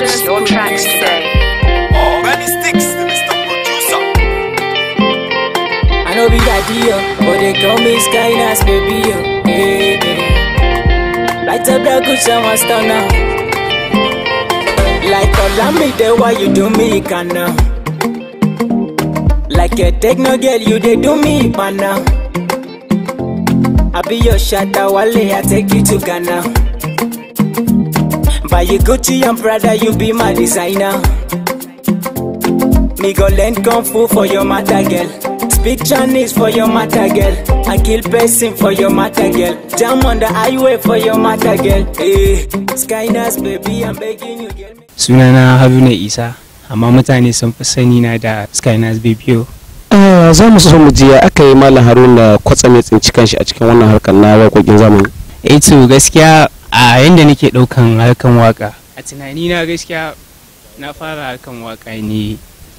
purchase your tracks today. many sticks, Mr. Producer. I know we got deal, but they call me Sky Nas baby. Yo. Eh, eh. Light up that cushion, my star now. Like Olami, the why you do me, can now. Like a techno girl, you they do me, pan now. I be your shatter, Wale, I take you to Ghana. Buy you Gucci and Prada, you be my designer. Me go learn Kung Fu for your matter, girl. Speak Chinese for your matter, girl. I kill person for your matter, girl. Jump on the highway for your matter, girl. Hey, eh, Skynas, baby, I'm begging you, girl. Sunana Haruna Isa, amma mutane sun fi sani na da Skynas BPO. Ah, za mu so mu ji aka yi malam haruna kwatsam ya tsinci kanshi a cikin wannan harkar na waƙoƙin zamani. eh to gaskiya a yadda nake ɗaukan harkan waka a tunani na gaskiya na fara harkan waka ne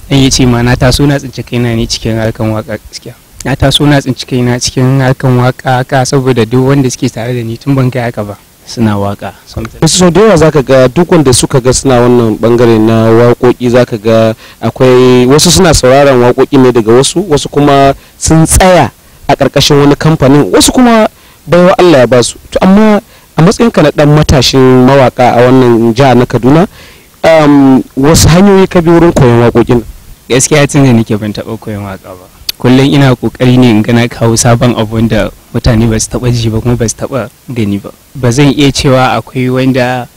an ya ce ma na taso na tsinci kaina ne cikin harkan waka gaskiya na taso na tsinci kaina cikin harkan waka ka saboda duk wanda suke tare da ni tun ban kai haka ba suna waka wasu sau da yawa zaka ga duk wanda suka ga suna wannan bangare na waƙoƙi zaka ga akwai wasu suna sauraron waƙoƙi ne daga wasu wasu kuma sun tsaya a ƙarƙashin wani kamfanin wasu kuma wa Allah ya basu to amma a matsayinka na dan matashin mawaka a wannan jiha na kaduna um, wasu hanyoyi ka bi wurin koyon waƙoƙin gaskiya tun da nake ban taɓa koyon waƙa ba kullum ina ƙoƙari ne in gana kawo sabon abu da mutane ba su taɓa ji ba kuma ba su taɓa gani ba ba zan iya cewa akwai wanda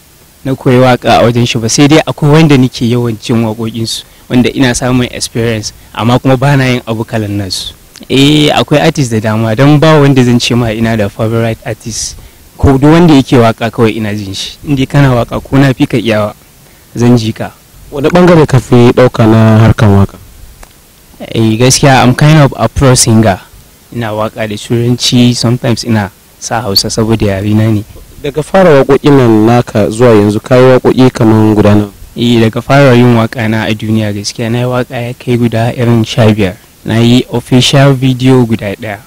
na koyi waƙa a wajen shi ba sai dai akwai wanda nake yawan jin su wanda ina samun experience amma kuma ba na yin abu kalan nasu eh akwai artist da dama don ba wanda zan ce ma ina da favorite artist ko duk wanda yake waka kawai ina jin shi inda kana waka ko na fi ka iyawa zan ji ka wani bangare ka fi dauka na harkan waka eh gaskiya i'm kind of a pro singer ina waka da turanci sometimes ina sa hausa saboda yare na ne daga fara wakoki nan naka zuwa yanzu kayi waƙoƙi kamar guda eh daga fara yin waka na a duniya gaskiya na yi waka ya kai guda irin sha biyar na yi official video guda ɗaya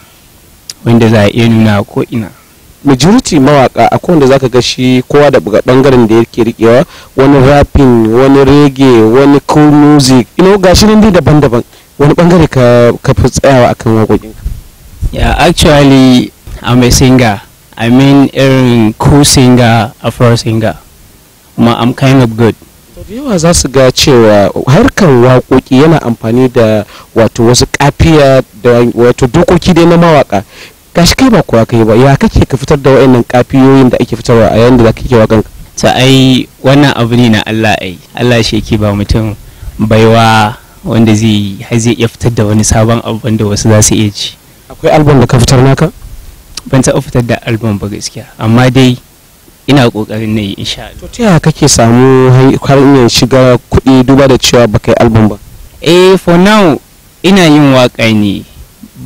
wanda za a iya nuna ko ina majority mawaka a wanda zaka ga shi kowa da bangaren da yake rikewa wani rapping wani reggae wani cool music you know gashi nan dai daban-daban wani bangare ka ka fi tsayawa akan waƙoƙin Ya actually I'm a singer I mean irin cool singer afro singer ma I'm kind of good da yawa za su ga cewa harkar waƙoƙi yana amfani da wato wasu ƙafiya da wato dokoki dai na mawaƙa. gashi kai ba kuwa kai ba ya kake ka fitar da wa'annan kafiyoyin da ake fitarwa a yayin da ka ke wakan ta ai wannan abu ne na Allah ai Allah shi yake ba mutum baiwa wanda zai har zai iya fitar da wani sabon abu wanda wasu za su iya ci akwai album da ka fitar naka ban taɓa fitar da album ba gaskiya amma dai ina kokarin na yi insha Allah to ta yaya kake samu hanyar shiga kuɗi duba da cewa ba kai album ba eh for now ina yin waƙa ne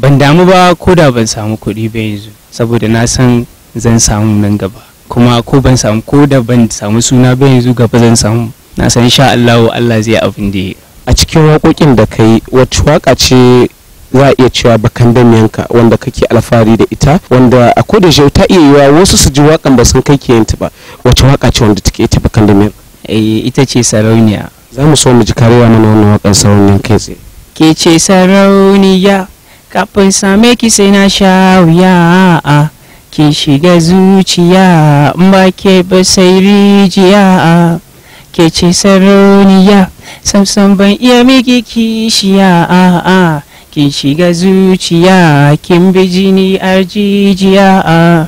ban damu ba ko da ban samu kuɗi ba yanzu saboda na san zan samu nan gaba kuma ko ban samu ko da ban samu suna ba yanzu gaba zan samu na san sha Allah Allah zai abin da a cikin waƙoƙin da kai wacce waƙa ce za a iya cewa bakan damiyanka wanda kake alfahari da ita wanda a ko da shi ta iya yiwa wasu su ji waƙan ba sun kai ke yanta ba wacce waƙa ce wanda take ita bakan damiyan eh, ita ce sarauniya za mu so mu ji karewa na wannan waƙan sarauniya kai tsaye ke ce sarauniya kafin same ki sai na sha wuya a ki shiga zuciya in ba ke ba sai rijiya ke ce saroniya samsam ban iya miki kishiya a a kin shiga zuciya kin bi jini arjijiya a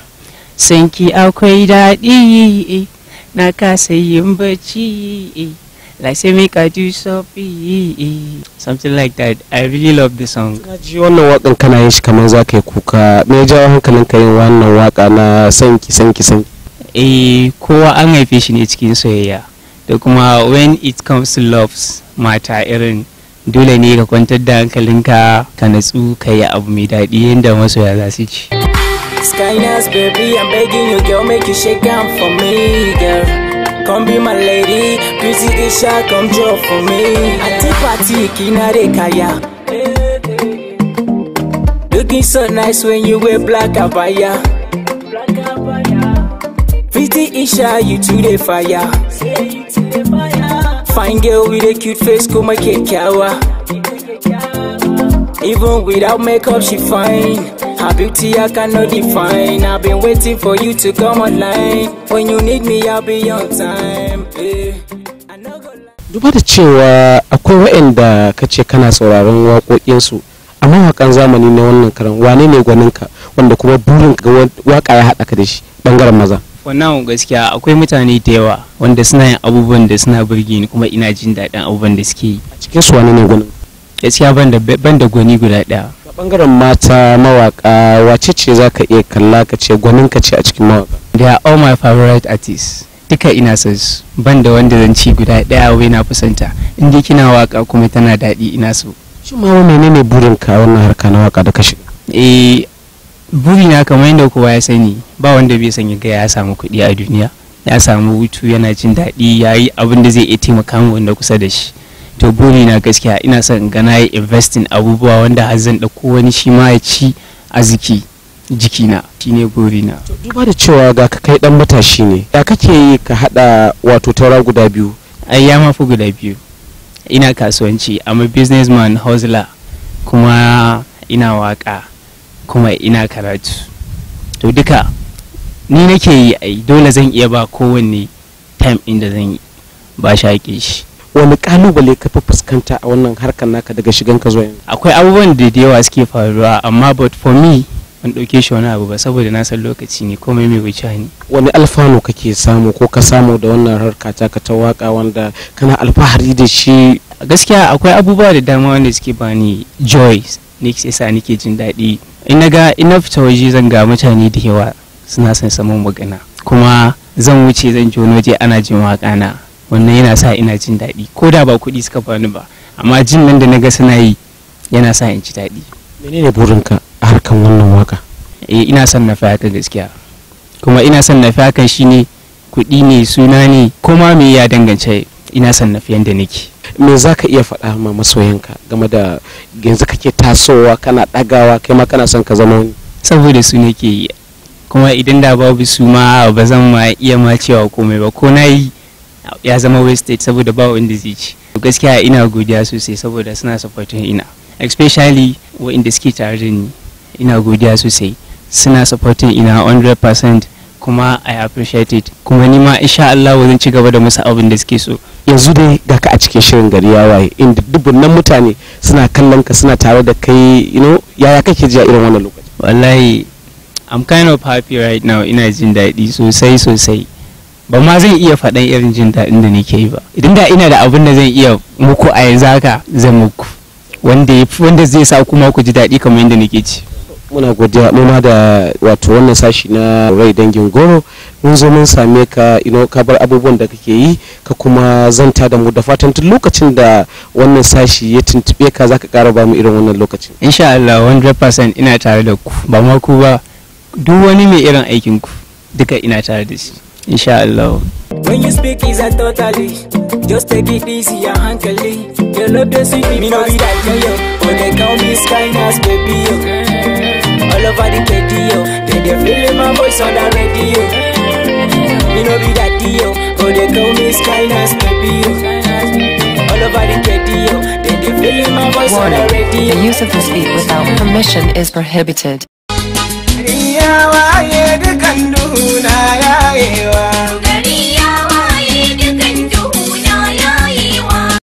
sanki akwai daɗi na kasa yin bacci like say make so Adusopi, something like that. I really love the song. ji wannan wakan kana yin shi kamar za ka yi kuka. Me ya jawo hankalin ka yin wannan waka na sanki sanki sanki? Eh, kowa an haife shi ne cikin soyayya. Da kuma when it comes to loves mata irin dole ne ka kwantar da hankalinka ka natsu ka yi abu mai daɗi yadda masoya za su ci. Skyness baby I'm begging you girl make you shake down for me girl come be my lady. Pussy isha come draw for me. Ati party, kinare kaya. Looking so nice when you wear black abaya. Pretty Isha, you to the fire. Fine girl with a cute face, come my kekawa. Even without makeup, she fine. Her beauty I cannot define. I've been waiting for you to come online. When you need me, I'll be on time. Eh, Duba da cewa akwai waɗanda ka ce kana sauraron waƙoƙinsu a mawaƙan zamani na wannan karan wane ne gwaninka wanda kuma burin ga waƙa ya haɗa ka da shi ɓangaren maza. wannan gaskiya akwai mutane da yawa wanda suna yin abubuwan da suna burge ni kuma ina jin daɗin abubuwan da suke yi a cikin su wane ne gwanin gaskiya ban da gwani guda ɗaya bangaren mata mawaka wace ce za ka iya kalla ka ce gwanin ka ce a cikin mawaka they are all my favorite artists duka ina son su ban da wanda zan ci guda daya wai na fusanta in dai kina waka kuma tana daɗi ina so Shin ma wani menene burin ka wannan harka na waka da ka shiga eh buri na kamar yadda kowa ya sani ba wanda bai sani ga ya samu kuɗi a duniya ya samu hutu yana jin daɗi ya yi abin da zai iya taimaka wanda kusa da shi to guri na gaskiya ina son ga na yi investing abubuwa wanda har zan ɗauko wani shi ma ya ci arziki jikina shi ne na duba da cewa ga ka kai dan matashi ne ya kake yi ka hada wato taura guda biyu ai ya mafi guda biyu ina kasuwanci amma businessman hustler kuma ina waka kuma ina karatu to duka ni nake yi ai dole zan iya ba kowanne time inda zan yi ba shaƙe shi wani kalubale ka fi fuskanta a wannan harkar naka daga shigan ka zuwa yanzu akwai abubuwan da da yawa suke faruwa amma but for me an ɗauke shi wani abu ba saboda na san lokaci ne komai mai wuce ne wani alfano kake samu ko ka samu da wannan harka ta ka ta waka wanda kana alfahari da shi gaskiya akwai abubuwa da dama wanda suke bani joy ne ke sa nake jin daɗi in na in na fita waje zan ga mutane da yawa suna son samun magana kuma zan wuce zan ji wani waje ana jin waƙa na wannan yana sa ina jin daɗi ko da ba kuɗi suka bani ba amma jin nan da na ga suna yi yana sa in ci daɗi menene burinka a harkan wannan waka eh ina son na fi gaskiya kuma ina son na fi hakan shine kuɗi ne suna ne kuma me ya dangance ina son na fiyan da nake me za ka iya faɗa ma masoyanka game da yanzu kake tasowa kana ɗagawa kai ma kana son ka zama wani saboda su ne ke yi kuma idan da babu su ma ba zan ma iya ma cewa komai ba ko na yi ya zama state saboda ba wanda zai ci gaskiya ina godiya sosai saboda suna supporting ina especially wa'inda suke tare da ni ina godiya sosai suna supporting ina 100% kuma i appreciate it kuma ni ma insha Allah wajen ci gaba da musu abin da suke so yanzu dai ga ka a cikin shirin gari ya waye inda dubunan mutane suna kallon ka suna tare da kai you know yaya kake ji a irin wannan lokaci wallahi i'm kind of happy right now ina jin daɗi sosai sosai ba ma zan iya faɗan irin jin daɗin da nake yi ba idan da ina da abin da zan iya muku a yanzu haka zan muku wanda zai sa kuma ku ji daɗi kamar yadda nake ci muna godiya noma da wato wannan sashi na rai dangin goro mun zo mun same ka ino ka bar abubuwan da kake yi ka kuma zanta da mu da fatan tun lokacin da wannan sashi ya tuntube ka zaka kara ba mu irin wannan lokacin insha Allah 100% ina tare da ku ba ma ku ba duk wani mai irin aikin ku duka ina tare da shi Inshallah. When you speak, is a totally. Just take it easy and handle it. Your love the sweet me, me no be that yo yo. But they call me Skynas, baby yo. All over the KDO, they they feeling my voice on the radio. Me no be that yo, but they call me Skynas, baby yo. All over the KDO, they they feeling my voice on the radio. The use of this beat without permission is prohibited nuna yayewa